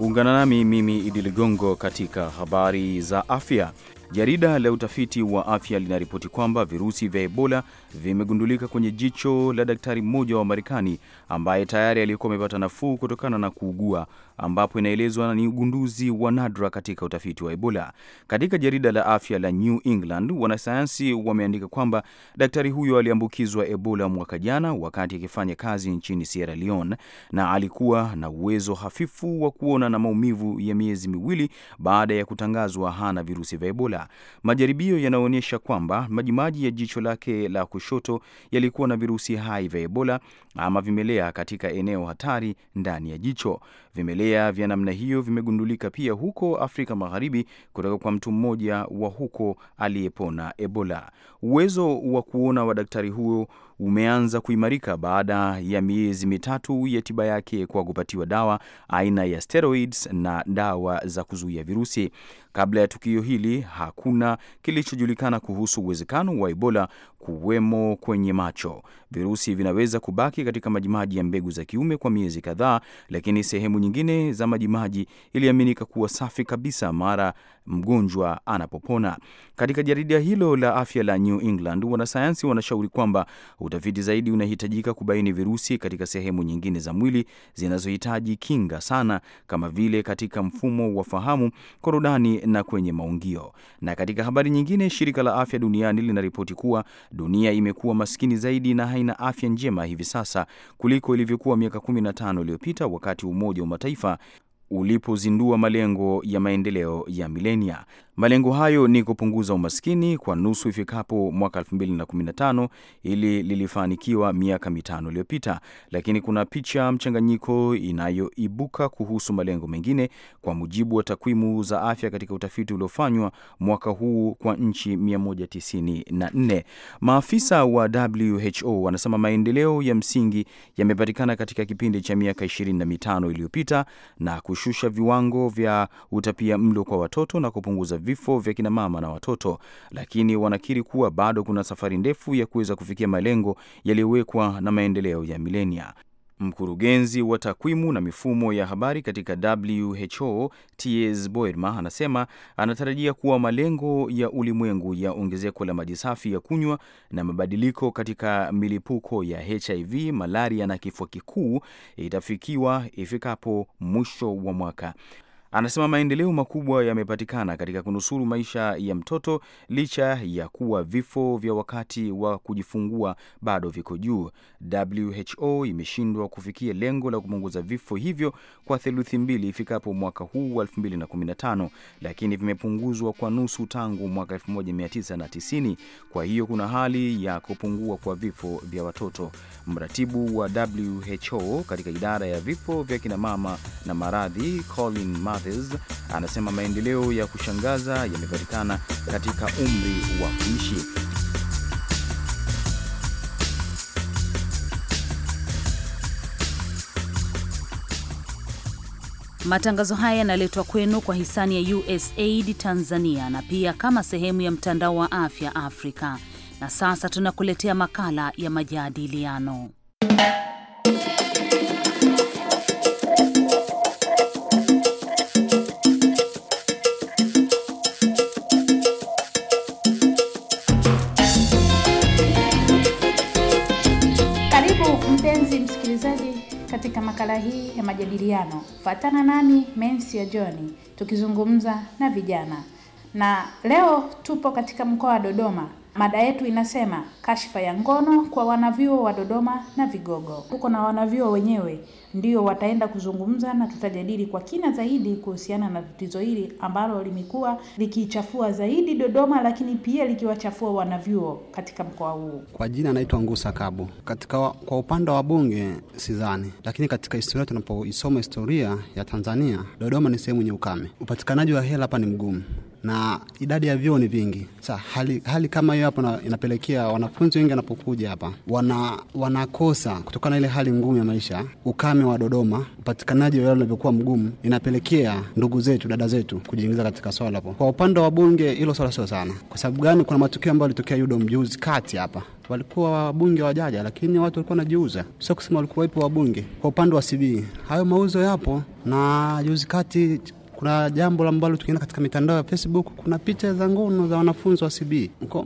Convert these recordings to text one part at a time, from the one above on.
Ungana nami mimi Idi Ligongo katika habari za afya. Jarida la utafiti wa afya linaripoti kwamba virusi vya Ebola vimegundulika kwenye jicho la daktari mmoja wa Marekani ambaye tayari alikuwa amepata nafuu kutokana na kuugua, ambapo inaelezwa ni ugunduzi wa nadra katika utafiti wa Ebola. Katika jarida la afya la New England, wanasayansi wameandika kwamba daktari huyo aliambukizwa Ebola mwaka jana wakati akifanya kazi nchini Sierra Leone, na alikuwa na uwezo hafifu wa kuona na maumivu ya miezi miwili baada ya kutangazwa hana virusi vya Ebola. Majaribio yanaonyesha kwamba majimaji ya jicho lake la kushoto yalikuwa na virusi hai vya Ebola ama vimelea vimelea katika eneo hatari ndani ya jicho. Vimelea vya namna hiyo vimegundulika pia huko Afrika Magharibi kutoka kwa mtu mmoja wa huko aliyepona Ebola. Uwezo wa kuona wa daktari huyo umeanza kuimarika baada ya miezi mitatu ya tiba yake kwa kupatiwa dawa aina ya steroids na dawa za kuzuia virusi. Kabla ya tukio hili, hakuna kilichojulikana kuhusu uwezekano wa Ebola kuwemo kwenye macho. Virusi vinaweza kubaki katika majimaji ya mbegu za kiume kwa miezi kadhaa, lakini sehemu nyingine za majimaji iliaminika kuwa safi kabisa mara mgonjwa anapopona. Katika jarida hilo la afya la New England, wanasayansi wanashauri kwamba Utafiti zaidi unahitajika kubaini virusi katika sehemu nyingine za mwili zinazohitaji kinga sana kama vile katika mfumo wa fahamu, korodani na kwenye maungio. Na katika habari nyingine, shirika la afya duniani linaripoti kuwa dunia imekuwa maskini zaidi na haina afya njema hivi sasa kuliko ilivyokuwa miaka 15 iliyopita wakati Umoja wa Mataifa ulipozindua malengo ya maendeleo ya milenia. Malengo hayo ni kupunguza umaskini kwa nusu ifikapo mwaka 2015 ili lilifanikiwa miaka mitano iliyopita, lakini kuna picha mchanganyiko inayoibuka kuhusu malengo mengine. Kwa mujibu wa takwimu za afya katika utafiti uliofanywa mwaka huu kwa nchi 194, maafisa wa WHO wanasema maendeleo ya msingi yamepatikana katika kipindi cha miaka 25 iliyopita na kushusha viwango vya utapia mlo kwa watoto na kupunguza vifo vya kinamama na watoto, lakini wanakiri kuwa bado kuna safari ndefu ya kuweza kufikia malengo yaliyowekwa na maendeleo ya milenia. Mkurugenzi wa takwimu na mifumo ya habari katika WHO Ts Boerma anasema anatarajia kuwa malengo ya ulimwengu ya ongezeko la maji safi ya kunywa na mabadiliko katika milipuko ya HIV, malaria na kifua kikuu itafikiwa ifikapo mwisho wa mwaka. Anasema maendeleo makubwa yamepatikana katika kunusuru maisha ya mtoto licha ya kuwa vifo vya wakati wa kujifungua bado viko juu. WHO imeshindwa kufikia lengo la kupunguza vifo hivyo kwa theluthi mbili ifikapo mwaka huu wa 2015, lakini vimepunguzwa kwa nusu tangu mwaka 1990. Kwa hiyo kuna hali ya kupungua kwa vifo vya watoto. Mratibu wa WHO katika idara ya vifo vya kinamama na maradhi Colin Mathers anasema maendeleo ya kushangaza yamepatikana katika umri wa kuishi. Matangazo haya yanaletwa kwenu kwa hisani ya USAID Tanzania na pia kama sehemu ya mtandao wa afya Afrika. Na sasa tunakuletea makala ya majadiliano katika makala hii ya majadiliano. Fatana nami ya John tukizungumza na vijana, na leo tupo katika mkoa wa Dodoma Mada yetu inasema kashfa ya ngono kwa wanavyuo wa Dodoma na vigogo. Tuko na wanavyuo wenyewe ndio wataenda kuzungumza na tutajadili kwa kina zaidi kuhusiana na tatizo hili ambalo limekuwa likichafua zaidi Dodoma, lakini pia likiwachafua wanavyuo katika mkoa huu. Kwa jina anaitwa Ngusa Kabu. Katika wa, kwa upande wa bunge sidhani, lakini katika historia tunapoisoma historia ya Tanzania, Dodoma ni sehemu yenye ukame, upatikanaji wa hela hapa ni mgumu na idadi ya vyuo ni vingi. Sa, hali, hali kama hiyo hapo inapelekea wanafunzi wengi wanapokuja hapa wana, wanakosa kutokana na ile hali ngumu ya maisha, ukame wa Dodoma, upatikanaji wa unavyokuwa mgumu, inapelekea ndugu zetu dada zetu kujiingiza katika swala hapo. Kwa upande wa bunge, hilo swala sio sana. Kwa sababu gani? Kuna matukio ambayo yalitokea UDOM juzi kati hapa walikuwa wabunge wajaja, lakini watu walikuwa wanajiuza, sio kusema walikuwa ipo wabunge. Kwa upande wa CB, e, hayo mauzo yapo, na juzi kati kuna jambo ambalo tukienda katika mitandao ya Facebook kuna picha za ngono za wanafunzi wa CB.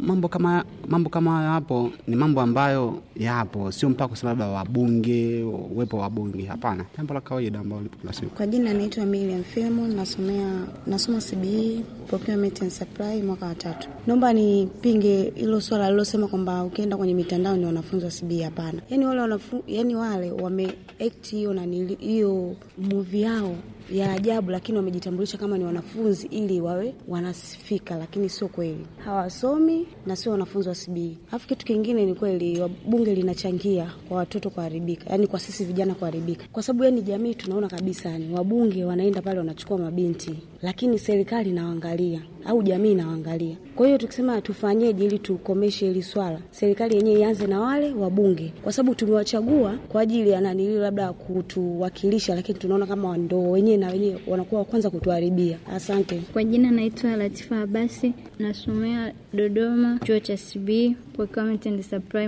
Mambo kama mambo kama hayo hapo ni mambo ambayo yapo, sio mpaka kusema labda wabunge, uwepo wa wabunge, hapana, jambo la kawaida ambalo lipo kila siku. Kwa jina naitwa Miriam Filmu, nasomea nasoma CB e, Procurement and Supply mwaka wa tatu. Naomba nipinge hilo swala lilosema kwamba ukienda kwenye mitandao ni wanafunzi wa CB, e, hapana. Yani wale wanafunzi yani wale wame act hiyo na hiyo movie yao ya ajabu, lakini wamejitambulisha kama ni wanafunzi ili wawe wanasifika, lakini sio kweli, hawasomi na sio wanafunzi wa CBE. Alafu kitu kingine ni kweli bunge linachangia kwa watoto kuharibika, yani kwa sisi vijana kuharibika, kwa sababu yani jamii tunaona kabisa ni wabunge wanaenda pale wanachukua mabinti lakini serikali inawaangalia au jamii inawaangalia. Kwa hiyo tukisema tufanyeje ili tukomeshe hili swala, serikali yenyewe ianze na wale wabunge, kwa sababu tumewachagua kwa ajili ya nanilio, labda kutuwakilisha, lakini tunaona kama ndo wenyewe na wenyewe wanakuwa wa kwanza kutuharibia. Asante. Kwa jina naitwa Latifa Abasi, nasomea Dodoma, chuo cha CBE Procurement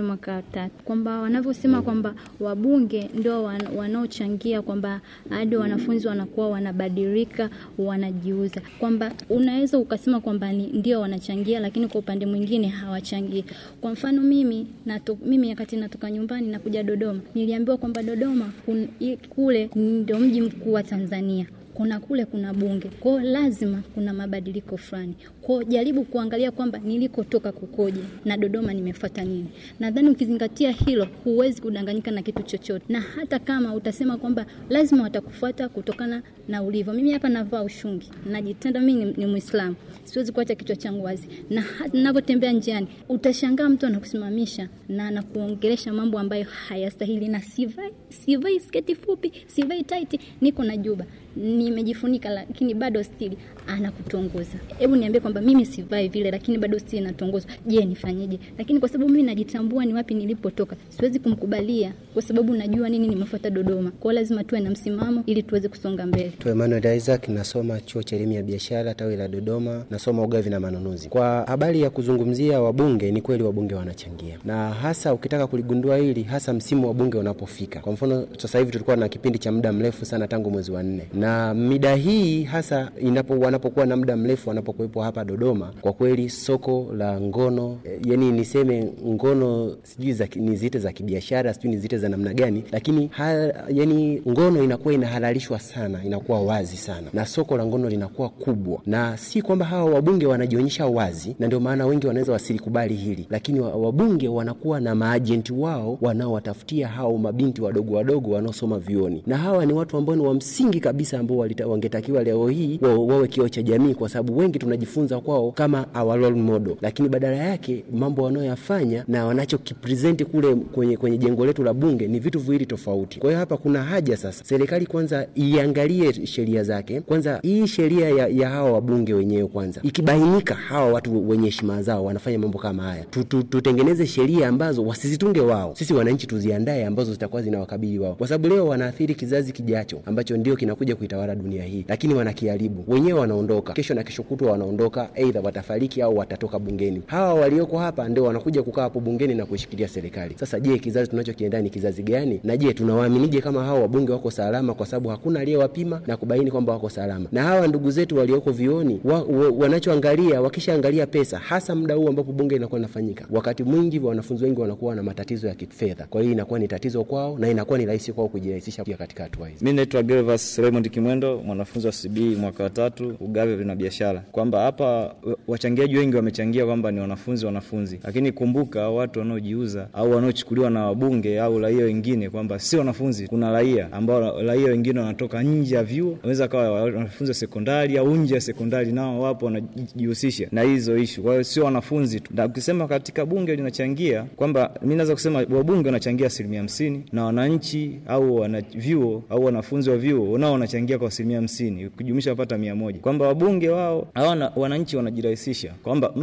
mwaka watatu, kwamba wanavyosema kwamba wabunge ndo wanaochangia kwamba hadi wanafunzi wanakuwa wanabadilika wanaj wanajiuza, kwamba unaweza ukasema kwamba ndio wanachangia, lakini kwa upande mwingine hawachangii. Kwa mfano mimi nato, mimi wakati natoka nyumbani nakuja Dodoma, niliambiwa kwamba Dodoma kun, kule ndio mji mkuu wa Tanzania kuna kule kuna bunge kwao, lazima kuna mabadiliko fulani. Kwa jaribu kuangalia kwamba nilikotoka kukoje na Dodoma nimefuata nini. Nadhani ukizingatia hilo huwezi kudanganyika na kitu chochote. Na hata kama utasema kwamba lazima watakufuata kutokana na ulivyo. Mimi hapa navaa ushungi, najitenda mimi ni, ni Muislamu. Siwezi kuacha kichwa changu wazi. Na ninapotembea njiani utashangaa mtu anakusimamisha na anakuongelesha mambo ambayo hayastahili na sivai sivai sketi fupi, sivai tight, niko na juba. Nimejifunika lakini bado stili anakutongoza. Hebu niambie kwamba kwamba mimi sivai vile, lakini bado si natongozwa. Je, nifanyeje? Lakini kwa sababu mimi najitambua ni wapi nilipotoka, siwezi kumkubalia kwa sababu najua nini nimefuata Dodoma. Kwa lazima tuwe na msimamo ili tuweze kusonga mbele. Tu Emmanuel Isaac, nasoma chuo cha elimu ya biashara tawi la Dodoma, nasoma ugavi na manunuzi. Kwa habari ya kuzungumzia wabunge, ni kweli wabunge wanachangia, na hasa ukitaka kuligundua hili, hasa msimu wa bunge unapofika. Kwa mfano sasa hivi tulikuwa na kipindi cha muda mrefu sana tangu mwezi wa nne, na mida hii hasa inapo wanapokuwa na muda mrefu wanapokuwepo hapa Dodoma, kwa kweli soko la ngono e, yani niseme ngono sijui zite za kibiashara sijui nizite za namna gani, lakini ha, yani ngono inakuwa inahalalishwa sana, inakuwa wazi sana, na soko la ngono linakuwa kubwa, na si kwamba hawa wabunge wanajionyesha wazi, na ndio maana wengi wanaweza wasilikubali hili, lakini wabunge wanakuwa na maajenti wao wanaowatafutia hao mabinti wadogo wadogo wanaosoma vioni, na hawa ni watu ambao ni wa msingi kabisa, ambao wangetakiwa leo hii wawe kioo cha jamii, kwa sababu wengi tunajifunza kujifunza kwao kama our role model, lakini badala yake mambo wanayoyafanya na wanachokipresenti kule kwenye, kwenye jengo letu la bunge ni vitu viwili tofauti. Kwa hiyo hapa kuna haja sasa serikali kwanza iangalie sheria zake kwanza, hii sheria ya, ya hawa wabunge wenyewe kwanza. Ikibainika hawa watu wenye heshima zao wanafanya mambo kama haya, tutengeneze tu, tu sheria ambazo wasizitunge wao, sisi wananchi tuziandae, ambazo zitakuwa zinawakabili wao, kwa sababu leo wanaathiri kizazi kijacho ambacho ndio kinakuja kuitawala dunia hii, lakini wanakiharibu wenyewe, wanaondoka kesho na kesho kutwa wanaondoka aidha watafariki au watatoka bungeni. Hawa walioko hapa ndio wanakuja kukaa hapo bungeni na kuishikilia serikali. Sasa je, kizazi tunachokienda ni kizazi gani? Na je, tunawaaminije kama hawa wabunge wako salama? Kwa sababu hakuna aliyewapima na kubaini kwamba wako salama. Na hawa ndugu zetu walioko vioni wa, wa, wanachoangalia wakishaangalia pesa, hasa muda huu ambapo bunge linakuwa linafanyika, wakati mwingi wanafunzi wengi wanakuwa na matatizo ya kifedha, kwa hiyo inakuwa ni tatizo kwao na inakuwa ni rahisi kwao kujirahisisha katika hatua hizi. Mimi naitwa Gervas Raymond Kimwendo, mwanafunzi wa CB mwaka wa tatu, ugavi na biashara, kwamba hapa hapa wachangiaji wengi wamechangia kwamba ni wanafunzi wanafunzi, lakini kumbuka watu wanaojiuza au wanaochukuliwa na wabunge au raia wengine kwamba si wanafunzi. Kuna raia ambao raia wengine wanatoka nje ya vyuo, wanaweza kawa wanafunzi wa sekondari au nje ya sekondari, nao wapo wanajihusisha na hizo ishu. kwahiyo sio wanafunzi tu, na ukisema katika bunge linachangia kwamba mi naweza kusema wabunge wanachangia asilimia hamsini na wananchi au vyuo au wanafunzi wa vyuo nao wanachangia kwa asilimia hamsini kujumisha wapata mia moja kwamba wabunge wao hawana wananchi wanajirahisisha kwamba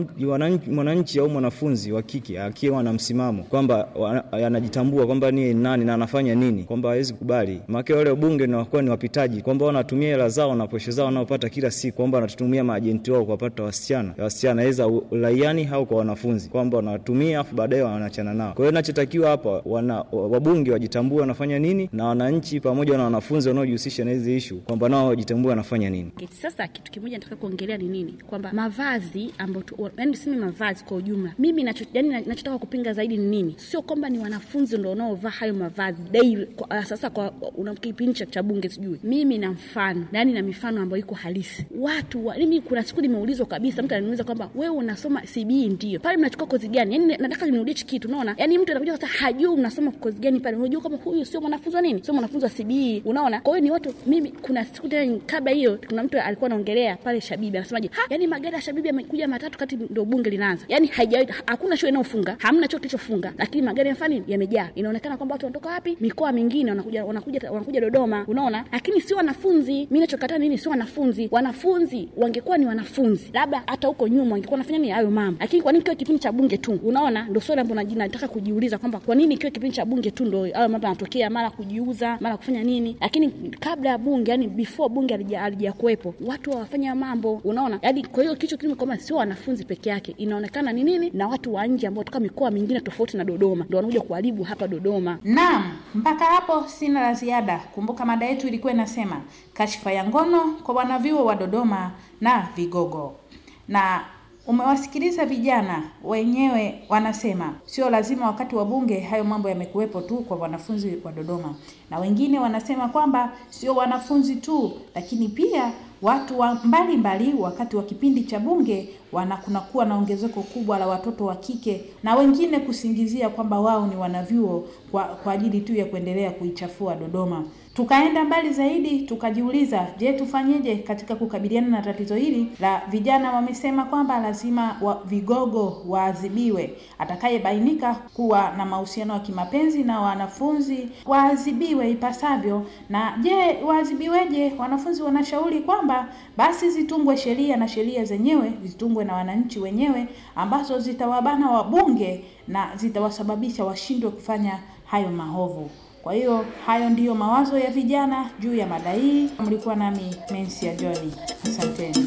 mwananchi au mwanafunzi wa kike akiwa na msimamo kwamba anajitambua kwamba ni nani na anafanya nini, kwamba hawezi kubali maana wale wabunge wanakuwa ni wapitaji, kwamba wanatumia hela zao na posho zao wanaopata kila siku, kwamba wanatumia maajenti wao kuwapata wasichana wasichana aidha ulaiani au kwa wanafunzi, kwamba wanawatumia afu baadaye wanachana nao. Kwa hiyo inachotakiwa hapa, wana wabunge wajitambue wanafanya nini, na wananchi pamoja na wanafunzi wanaojihusisha na hizi ishu kwamba nao wajitambue wanafanya nini. Sasa kitu kimoja nataka kuongelea ni nini kwa kwamba mavazi ambayo yani, tuseme mavazi kwa ujumla, mimi yaani nachotaka yani, kupinga zaidi ni nini? Sio kwamba ni wanafunzi ndo wanaovaa hayo mavazi daily. Kwa, ah, sasa kwa una kipindi cha bunge sijui mimi na mfano yani, na mifano ambayo iko halisi watu wa, yaani mimi kuna siku nimeulizwa kabisa, mtu ananiuliza kwamba wewe unasoma CBE ndio pale mnachukua kozi gani? Yani nataka niudie hichi kitu, unaona yani mtu anakuja sasa hajui unasoma kozi gani pale, unajua kama huyu sio mwanafunzi wa nini, sio mwanafunzi wa CBE, unaona. Kwa hiyo ni watu mimi, kuna siku tena kabla hiyo, kuna mtu alikuwa anaongelea pale Shabibi anasemaje, yani magari ya Shabibi yamekuja matatu kati ndio bunge linaanza. Yaani haijawahi hakuna shule inayofunga, hamna chuo kilichofunga, lakini magari ya fani yamejaa. Inaonekana kwamba watu wanatoka wapi? Mikoa mingine wanakuja wanakuja wanakuja Dodoma, unaona? Lakini si wanafunzi. Mimi ninachokataa nini? Si wanafunzi. Wanafunzi wangekuwa ni wanafunzi. Labda hata huko nyuma wangekuwa wanafanya nini hayo mama? Lakini kwa nini kiwe kipindi cha bunge tu? Unaona? Ndio swali ambalo nataka kujiuliza kwamba kwa nini kiwe kipindi cha bunge tu ndio hayo mambo yanatokea mara kujiuza, mara kufanya nini? Lakini kabla ya bunge, yani before bunge halijakuwepo, watu hawafanya mambo. Unaona? Yaani kwa hiyo kicho kimo kwamba sio wanafunzi peke yake, inaonekana ni nini na watu wa nje ambao kutoka mikoa mingine tofauti na Dodoma ndio wanakuja kuharibu hapa Dodoma. Naam, mpaka hapo sina la ziada. Kumbuka mada yetu ilikuwa inasema kashfa ya ngono kwa wanavyuo wa Dodoma na vigogo na umewasikiliza vijana wenyewe wanasema sio lazima wakati wa bunge hayo mambo yamekuwepo tu kwa wanafunzi wa Dodoma, na wengine wanasema kwamba sio wanafunzi tu, lakini pia watu wa mbalimbali mbali, wakati wa kipindi cha bunge wana kunakuwa na ongezeko kubwa la watoto wa kike na wengine kusingizia kwamba wao ni wanavyuo kwa, kwa ajili tu ya kuendelea kuichafua Dodoma. Tukaenda mbali zaidi tukajiuliza, je, tufanyeje katika kukabiliana na tatizo hili la vijana? Wamesema kwamba lazima wa, vigogo waadhibiwe, atakayebainika kuwa na mahusiano ya kimapenzi na wanafunzi waadhibiwe ifuatiliwe ipasavyo. Na je, waadhibiweje? Wanafunzi wanashauri kwamba basi zitungwe sheria na sheria zenyewe zitungwe na wananchi wenyewe, ambazo zitawabana wabunge na zitawasababisha washindwe kufanya hayo mahovu Kwa hiyo hayo ndiyo mawazo ya vijana juu ya mada hii. Mlikuwa nami Mensia Johni, asanteni.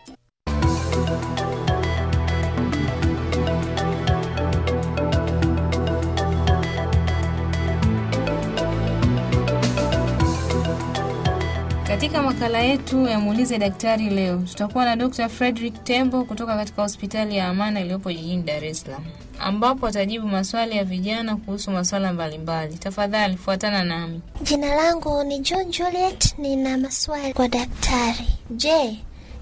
Katika makala yetu ya muulize daktari leo tutakuwa na Dr. Frederick Tembo kutoka katika hospitali ya Amana iliyopo jijini Dar es Salaam, ambapo atajibu maswali ya vijana kuhusu maswala mbalimbali. Tafadhali fuatana nami. Jina langu ni John Juliet, nina maswali kwa daktari. Je,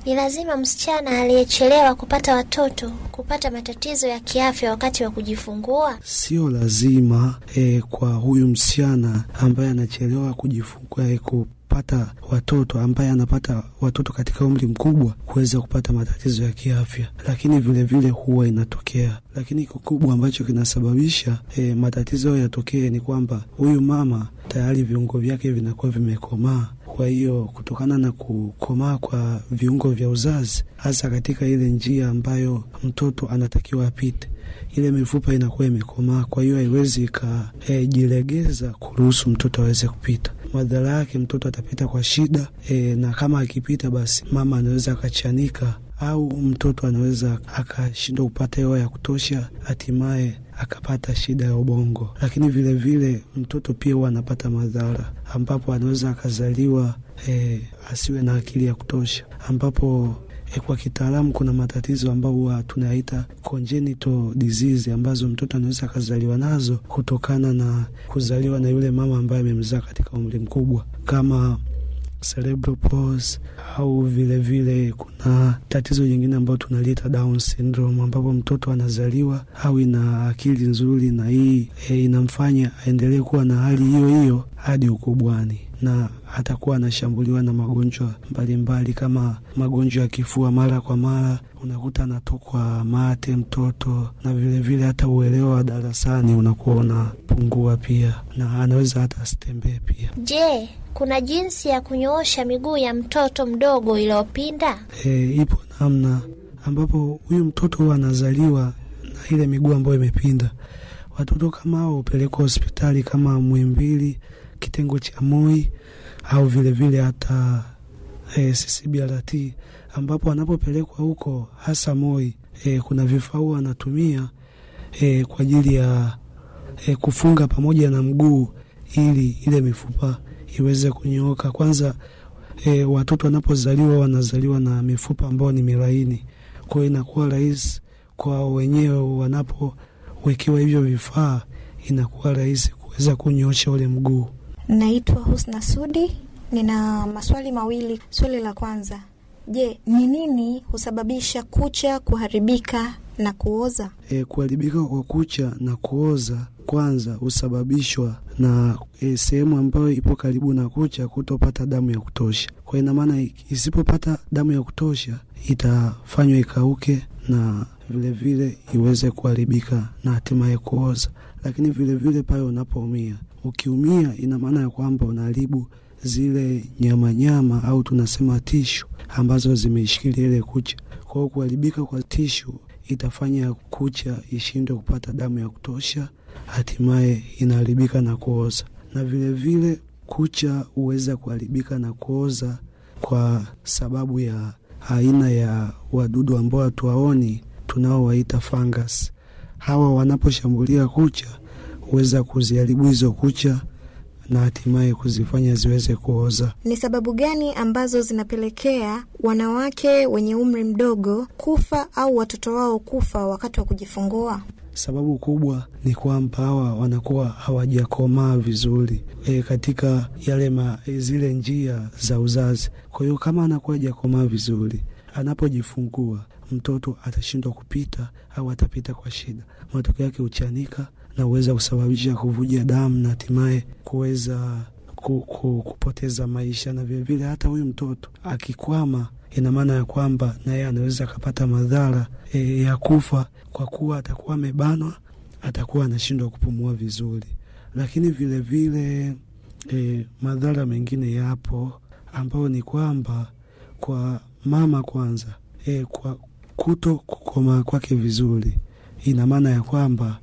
ni lazima msichana aliyechelewa kupata watoto kupata matatizo ya kiafya wakati wa kujifungua? Sio lazima e, kwa huyu msichana ambaye anachelewa kujifungua e, kupata watoto ambaye anapata watoto katika umri mkubwa kuweza kupata matatizo ya kiafya, lakini vilevile vile huwa inatokea. Lakini kikubwa ambacho kinasababisha e, matatizo yatokee ni kwamba huyu mama tayari viungo vyake vinakuwa vimekomaa. Kwa hiyo kutokana na kukomaa kwa viungo vya uzazi, hasa katika ile njia ambayo mtoto anatakiwa apite, ile mifupa inakuwa imekomaa, kwa hiyo haiwezi ikajilegeza eh, e, kuruhusu mtoto aweze kupita. Madhara yake mtoto atapita kwa shida e, na kama akipita, basi mama anaweza akachanika au mtoto anaweza akashindwa kupata hewa ya kutosha, hatimaye akapata shida ya ubongo, lakini vilevile vile, mtoto pia huwa anapata madhara ambapo anaweza akazaliwa e, asiwe na akili ya kutosha ambapo E, kwa kitaalamu kuna matatizo ambayo huwa tunayaita congenital disease ambazo mtoto anaweza akazaliwa nazo kutokana na kuzaliwa na yule mama ambaye amemzaa katika umri mkubwa kama cerebral palsy au vile vile kuna tatizo jingine ambayo tunaliita Down syndrome, ambapo mtoto anazaliwa hawi na akili nzuri, na hii e, inamfanya aendelee kuwa na hali hiyo hiyo hadi ukubwani na atakuwa anashambuliwa na magonjwa mbalimbali kama magonjwa ya kifua mara kwa mara, unakuta anatokwa mate mtoto, na vilevile vile hata uelewa wa darasani unakuwa unapungua pia, na anaweza hata asitembee pia. Je, kuna jinsi ya kunyoosha miguu ya mtoto mdogo iliyopinda? E, ipo namna ambapo huyu mtoto huwa anazaliwa na ile miguu ambayo imepinda. Watoto kama hao hupelekwa hospitali kama Muhimbili, kitengo cha MOI au vilevile vile hata e, CCBRT ambapo anapopelekwa huko hasa MOI e, kuna vifaa huwa anatumia e, kwa ajili ya e, kufunga pamoja na mguu ili ile mifupa iweze kunyooka. Kwanza e, watoto wanapozaliwa wanazaliwa na mifupa ambayo ni miraini. Kwa hiyo inakuwa rahisi kwa wenyewe wanapowekewa hivyo vifaa, inakuwa rahisi kuweza kunyoosha ule mguu. Naitwa Husna Sudi, nina maswali mawili. Swali la kwanza, je, ni nini husababisha kucha kuharibika na kuoza? E, kuharibika kwa kucha na kuoza kwanza husababishwa na e, sehemu ambayo ipo karibu na kucha kutopata damu ya kutosha. Kwa ina maana isipopata damu ya kutosha itafanywa ikauke na vilevile vile iweze kuharibika na hatimaye kuoza. Lakini vilevile pale unapoumia, ukiumia, ina maana ya kwamba unaharibu zile nyamanyama nyama, au tunasema tishu ambazo zimeishikilia ile kucha. Kwa hiyo kuharibika kwa tishu itafanya kucha ishindwe kupata damu ya kutosha hatimaye inaharibika na kuoza, na vilevile vile kucha huweza kuharibika na kuoza kwa sababu ya aina ya wadudu ambao hatuwaoni tunaowaita fungus. Hawa wanaposhambulia kucha huweza kuziharibu hizo kucha na hatimaye kuzifanya ziweze kuoza. Ni sababu gani ambazo zinapelekea wanawake wenye umri mdogo kufa au watoto wao kufa wakati wa kujifungua? Sababu kubwa ni kwamba hawa wanakuwa hawajakomaa vizuri e, katika yale ma, e, zile njia za uzazi. Kwa hiyo kama anakuwa hajakomaa vizuri, anapojifungua mtoto atashindwa kupita au atapita kwa shida, matokeo yake huchanika na huweza kusababisha kuvuja damu na hatimaye kuweza kupoteza maisha, na vilevile hata huyu mtoto akikwama ina maana ya kwamba naye anaweza akapata madhara e, ya kufa kwa kuwa atakuwa amebanwa, atakuwa anashindwa kupumua vizuri. Lakini vilevile vile, e, madhara mengine yapo ambayo ni kwamba kwa mama kwanza, e, kwa kuto kukomaa kwake vizuri, ina maana ya kwamba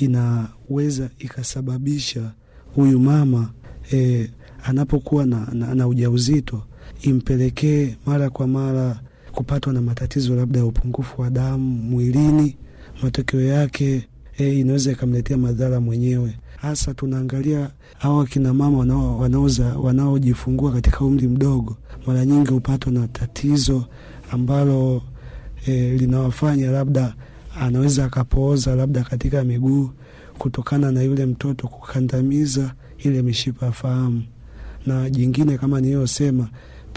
inaweza ikasababisha huyu mama e, anapokuwa na, na, na ujauzito impelekee mara kwa mara kupatwa na matatizo labda ya upungufu wa damu mwilini. Matokeo yake eh, inaweza ikamletea madhara mwenyewe. Hasa tunaangalia au akina mama wanaoza wanaojifungua katika umri mdogo, mara nyingi hupatwa na tatizo ambalo eh, linawafanya labda anaweza akapooza labda katika miguu kutokana na yule mtoto kukandamiza ile mishipa ya fahamu, na jingine kama niliyosema,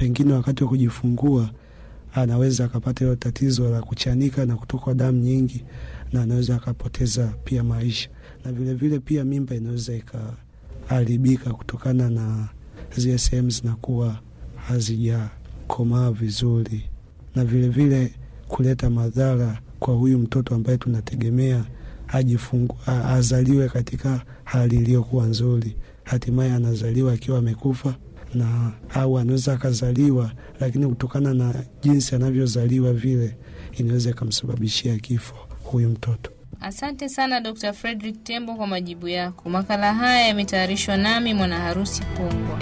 pengine wakati wa kujifungua anaweza akapata hilo tatizo la kuchanika na kutokwa damu nyingi, na anaweza akapoteza pia maisha, na vilevile vile pia mimba inaweza ikaharibika kutokana na zile sehemu zinakuwa hazijakomaa vizuri, na vilevile vile kuleta madhara kwa huyu mtoto ambaye tunategemea ajifungu, azaliwe katika hali iliyokuwa nzuri, hatimaye anazaliwa akiwa amekufa na au anaweza akazaliwa, lakini kutokana na jinsi anavyozaliwa vile inaweza ikamsababishia kifo huyu mtoto. Asante sana Dr. Frederick Tembo kwa majibu yako. Makala haya yametayarishwa nami mwana harusi Pongwa.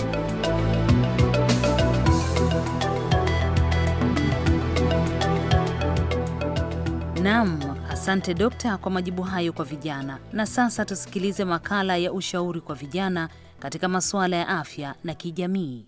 Naam, asante dokta kwa majibu hayo kwa vijana. Na sasa tusikilize makala ya ushauri kwa vijana katika masuala ya afya na kijamii.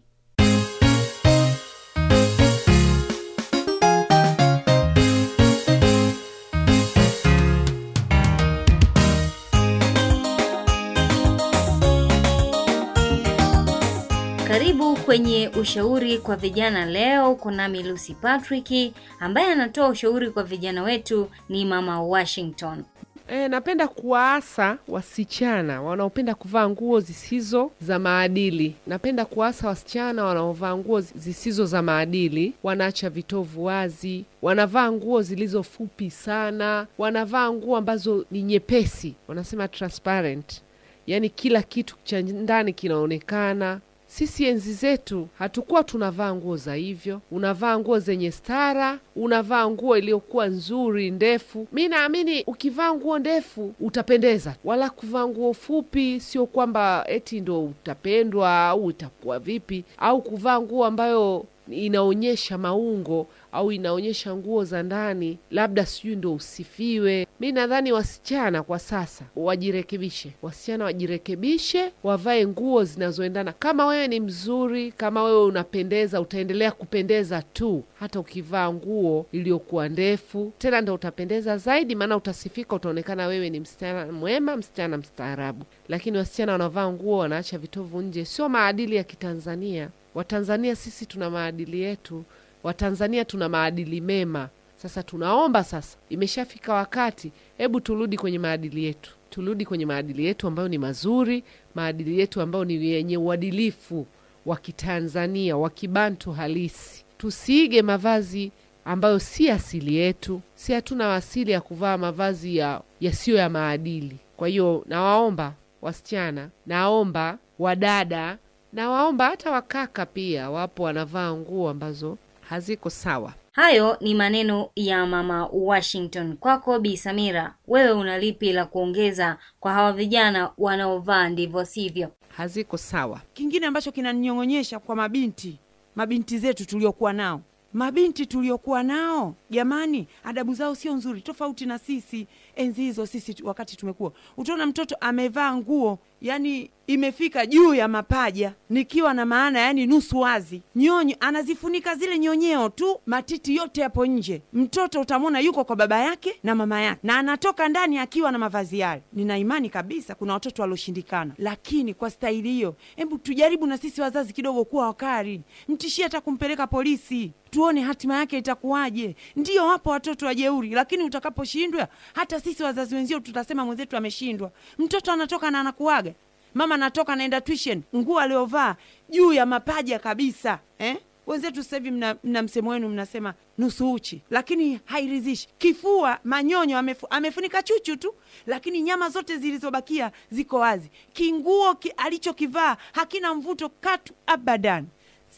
Karibu kwenye ushauri kwa vijana. Leo kuna nami Lucy Patrick ambaye anatoa ushauri kwa vijana wetu ni Mama Washington. E, napenda kuwaasa wasichana wanaopenda kuvaa nguo zisizo za maadili. Napenda kuwaasa wasichana wanaovaa nguo zisizo za maadili, wanaacha vitovu wazi, wanavaa nguo zilizo fupi sana, wanavaa nguo ambazo ni nyepesi, wanasema transparent, yaani kila kitu cha ndani kinaonekana. Sisi enzi zetu hatukuwa tunavaa nguo za hivyo, unavaa nguo zenye stara, unavaa nguo iliyokuwa nzuri ndefu. Mi naamini ukivaa nguo ndefu utapendeza, wala kuvaa nguo fupi sio kwamba eti ndo utapendwa au itakuwa vipi, au kuvaa nguo ambayo inaonyesha maungo au inaonyesha nguo za ndani, labda sijui ndo usifiwe. Mi nadhani wasichana kwa sasa wajirekebishe, wasichana wajirekebishe, wavae nguo zinazoendana. Kama wewe ni mzuri, kama wewe unapendeza, utaendelea kupendeza tu, hata ukivaa nguo iliyokuwa ndefu, tena ndo utapendeza zaidi, maana utasifika, utaonekana wewe ni msichana mwema, msichana mstaarabu. Lakini wasichana wanavaa nguo, wanaacha vitovu nje, sio maadili ya Kitanzania. Watanzania sisi tuna maadili yetu, Watanzania tuna maadili mema. Sasa tunaomba sasa, imeshafika wakati, hebu turudi kwenye maadili yetu, turudi kwenye maadili yetu ambayo ni mazuri, maadili yetu ambayo ni yenye uadilifu wa Kitanzania, wa Kibantu halisi. Tusiige mavazi ambayo si asili yetu, si hatuna asili ya kuvaa mavazi yasiyo ya, ya maadili. Kwa hiyo nawaomba wasichana, naomba wadada na waomba hata wakaka pia wapo wanavaa nguo ambazo haziko sawa. Hayo ni maneno ya mama Washington. Kwako Bi Samira, wewe una lipi la kuongeza kwa hawa vijana wanaovaa ndivyo sivyo, haziko sawa? Kingine ambacho kinanyong'onyesha kwa mabinti, mabinti zetu tuliokuwa nao mabinti tuliokuwa nao jamani, adabu zao sio nzuri, tofauti na sisi enzi hizo. Sisi wakati tumekuwa, utaona mtoto amevaa nguo yani imefika juu ya mapaja, nikiwa na maana yani nusu wazi, nyonyo anazifunika zile nyonyeo tu, matiti yote yapo nje. Mtoto utamwona yuko kwa baba yake na mama yake, na anatoka ndani akiwa na mavazi yale. Nina imani kabisa kuna watoto walioshindikana, lakini kwa staili hiyo, hebu tujaribu na sisi wazazi kidogo kuwa wakali, mtishie hata kumpeleka polisi tuone hatima yake itakuwaje. Ndiyo, wapo watoto wajeuri, lakini utakaposhindwa, hata sisi wazazi wenzio tutasema mwenzetu ameshindwa. Mtoto anatoka na anakuaga mama natoka naenda tuition, nguo aliovaa juu ya mapaja kabisa eh? Wenzetu sasa hivi mna, mna msemo wenu mnasema nusu uchi, lakini hairidhishi. Kifua, manyonyo amefu, amefunika chuchu tu, lakini nyama zote zilizobakia ziko wazi. Kinguo ki, alichokivaa hakina mvuto katu abadan.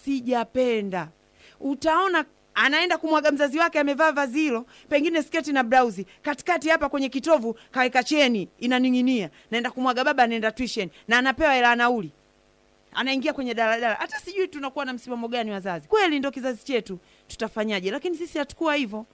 Sijapenda. Utaona anaenda kumwaga mzazi wake, amevaa vazi pengine sketi na blauzi, katikati hapa kwenye kitovu kaweka cheni inaning'inia, naenda kumwaga baba, anaenda tuition na anapewa hela nauli, anaingia kwenye daladala. Hata sijui tunakuwa na msimamo gani wazazi. Kweli ndo kizazi chetu, tutafanyaje? Lakini sisi hatukuwa hivyo.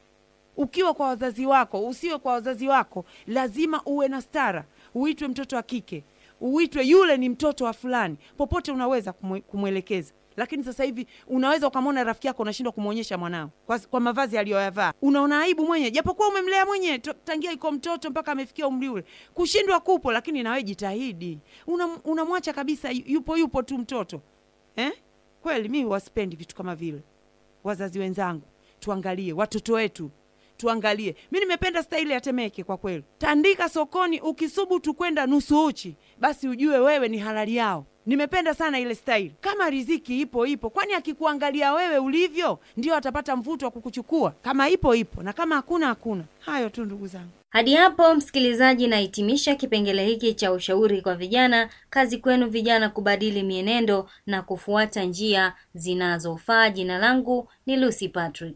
Ukiwa kwa wazazi wako, usiwe kwa wazazi wako, lazima uwe na stara, uitwe mtoto wa kike, uitwe yule ni mtoto wa fulani, popote unaweza kumwe, kumwelekeza lakini sasa hivi unaweza ukamwona rafiki yako unashindwa kumwonyesha mwanao kwa, kwa mavazi aliyoyavaa. Unaona aibu mwenye, japokuwa umemlea mwenye tangia iko mtoto mpaka amefikia umri ule, kushindwa kupo, lakini nawe jitahidi. Unamwacha una kabisa, yupo yupo tu mtoto eh? Kweli mi wasipendi vitu kama vile. Wazazi wenzangu, tuangalie watoto wetu tuangalie. Mi nimependa staili ya Temeke kwa kweli. Tandika sokoni, ukisubutu kwenda nusu uchi, basi ujue wewe ni halali yao. Nimependa sana ile staili. Kama riziki ipo ipo, kwani akikuangalia wewe ulivyo, ndio atapata mvuto wa kukuchukua. Kama ipo ipo, na kama hakuna hakuna. Hayo tu ndugu zangu. Hadi hapo msikilizaji, nahitimisha kipengele hiki cha ushauri kwa vijana. Kazi kwenu vijana kubadili mienendo na kufuata njia zinazofaa. Jina langu ni Lucy Patrick.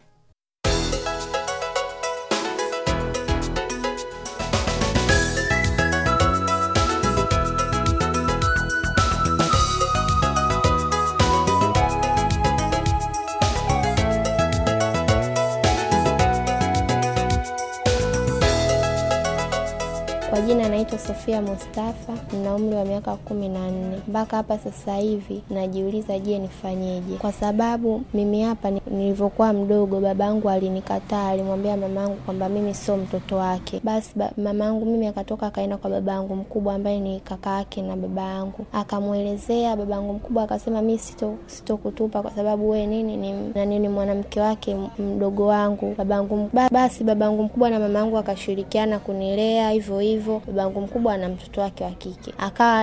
Sofia Mustafa, na umri wa miaka kumi na nne. Mpaka hapa sasa hivi najiuliza, je, nifanyeje? Kwa sababu mimi hapa nilivyokuwa mdogo, babangu alinikataa, alimwambia mamangu kwamba mimi sio mtoto wake. Basi ba, mamangu mimi akatoka akaenda kwa babangu mkubwa ambaye ni kaka yake na baba akamwelezea. Babangu mkubwa akasema, mi sito sitokutupa kwa sababu we nini ni nani, ni mwanamke wake mdogo wangu babangu. Basi babangu mkubwa na mamangu akashirikiana kunilea hivyo hivyo babangu mkubwa ana mtoto wake wa kike, akawa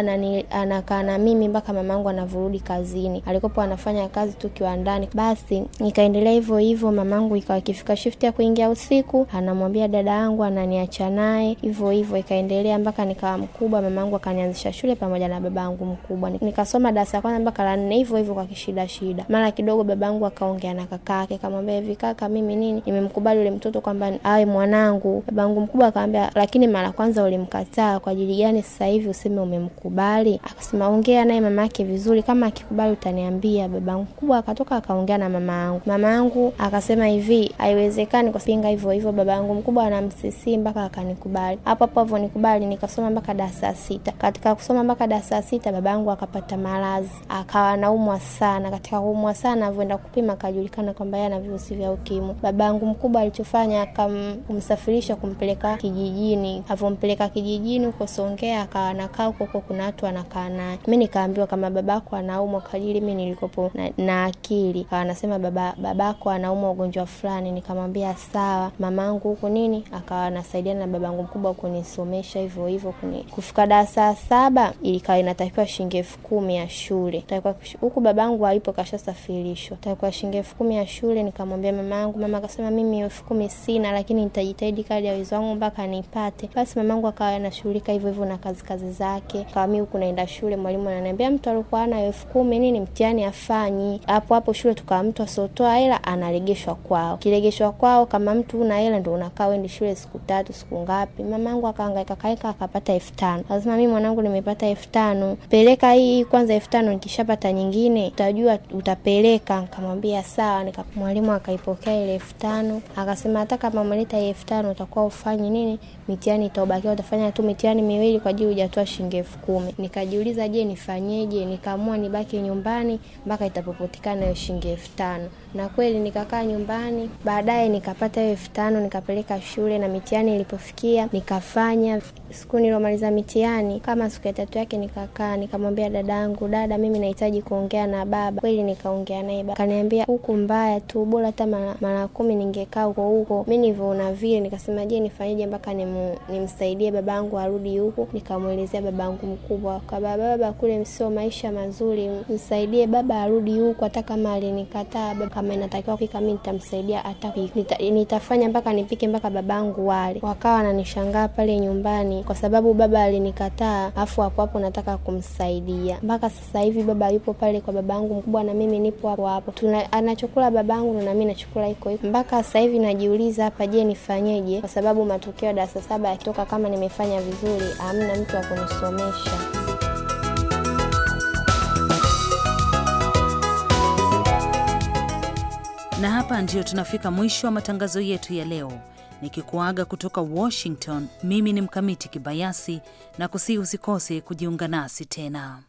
anakaa na mimi mpaka mamangu anavurudi kazini, alikopo anafanya kazi tu kiwandani. Basi nikaendelea hivyo hivyo, mamangu ikawa ikifika shift ya kuingia usiku, anamwambia dada yangu ananiacha naye, hivyo hivyo ikaendelea mpaka nikawa mkubwa. mamaangu akanianzisha shule pamoja na yangu mkubwa, nikasoma darasa ya kwanza mpaka la nne, hivyo hivyo kwa kishida shida. Mara kidogo baba yangu akaongea na kakake, kamwambia hivi, kaka, mimi nini, nimemkubali ule mtoto kwamba awe mwanangu. Babangu mkubwa akawambia lakini mara kwanza ulimkataa kwa ajili gani sasa hivi useme umemkubali? Akasema ongea naye mama yake vizuri, kama akikubali utaniambia. Baba mkubwa akatoka akaongea na mama yangu, mama yangu akasema hivi, haiwezekani kwa pinga hivyo hivyo. Baba yangu mkubwa anamsisi mpaka akanikubali, hapo hapo nikubali, nikasoma mpaka darasa sita. Katika kusoma mpaka darasa saa sita, baba yangu akapata maradhi, akawa naumwa sana. Katika kuumwa sana, avyoenda kupima akajulikana kwamba yeye ana virusi vya ukimwi. Baba yangu mkubwa alichofanya akamsafirisha kumpeleka kijijini, avyompeleka kijijini huko Songea, akawa anakaa huko huko, kuna watu wanakaa naye. Mimi nikaambiwa kama babako anaumwa kajili mimi nilikopo na, na akili akawa anasema baba babako anaumwa ugonjwa fulani. Nikamwambia sawa, mamangu huko nini, akawa anasaidiana na babangu mkubwa kunisomesha hivyo hivyo. kuni. Kufika darasa saba ilikawa inatakiwa shilingi elfu kumi ya shule, huku babangu alipo kashasafirishwa, takiwa shilingi elfu kumi ya shule. Nikamwambia mamangu, mama akasema mimi elfu kumi sina, lakini nitajitahidi kadri ya uwezo wangu mpaka nipate. Basi mamangu akawa na shule aliandika hivyo hivyo na kazi kazi zake. Kawa mimi huku naenda shule, mwalimu ananiambia mtu alikuwa na elfu kumi nini mtihani afanyi. Hapo hapo shule tukawa mtu asiotoa hela analegeshwa kwao. Kilegeshwa kwao, kama mtu una hela ndio unakaa wendi shule siku tatu siku ngapi. Mamangu akahangaika kaika akapata elfu tano. Lazima mimi mwanangu nimepata elfu tano. Peleka hii kwanza elfu tano nikishapata nyingine utajua utapeleka. Nikamwambia sawa, nika mwalimu akaipokea ile elfu tano. Akasema hata kama umeleta elfu tano utakuwa ufanyi nini? Mitihani itabakia utafanya tu mitihani mitihani miwili kwa ajili hujatoa shilingi elfu kumi. Nikajiuliza, je, nifanyeje? Nikaamua nibaki nyumbani mpaka itapopatikana hiyo shilingi elfu tano na kweli nikakaa nyumbani. Baadaye nikapata hiyo elfu tano nikapeleka shule, na mitihani ilipofikia nikafanya siku nilomaliza mitihani kama siku ya tatu yake, nikakaa nikamwambia yangu dada, mimi nahitaji kuongea na baba. Kweli nikaongea naye baba, kaniambia huku mbaya tu, bora hata mara kumi ningekaa huko huko. Mi nivyoona vile, nikasema je, nifanyije mpaka nimsaidie baba yangu arudi huku? Nikamwelezea baba yangu mkubwa, kababa, baba, kule sio maisha mazuri, msaidie baba arudi huku, hata kama alinikataa baba, kama inatakiwa kupika mi nitamsaidia, hata nita, nitafanya mpaka nipike mpaka yangu wale. Wakawa wananishangaa pale nyumbani kwa sababu baba alinikataa, afu hapo hapo nataka kumsaidia. Mpaka sasa hivi baba yupo pale kwa babangu mkubwa, na mimi nipo hapo hapo, anachokula babangu na nami nachukula iko hiko. Mpaka sasa hivi najiuliza hapa, je, nifanyeje? Kwa sababu matokeo ya darasa saba yakitoka kama nimefanya vizuri, amna mtu wa kunisomesha. Na hapa ndiyo tunafika mwisho wa matangazo yetu ya leo nikikuaga kutoka Washington. Mimi ni Mkamiti Kibayasi na kusihi usikose kujiunga nasi tena.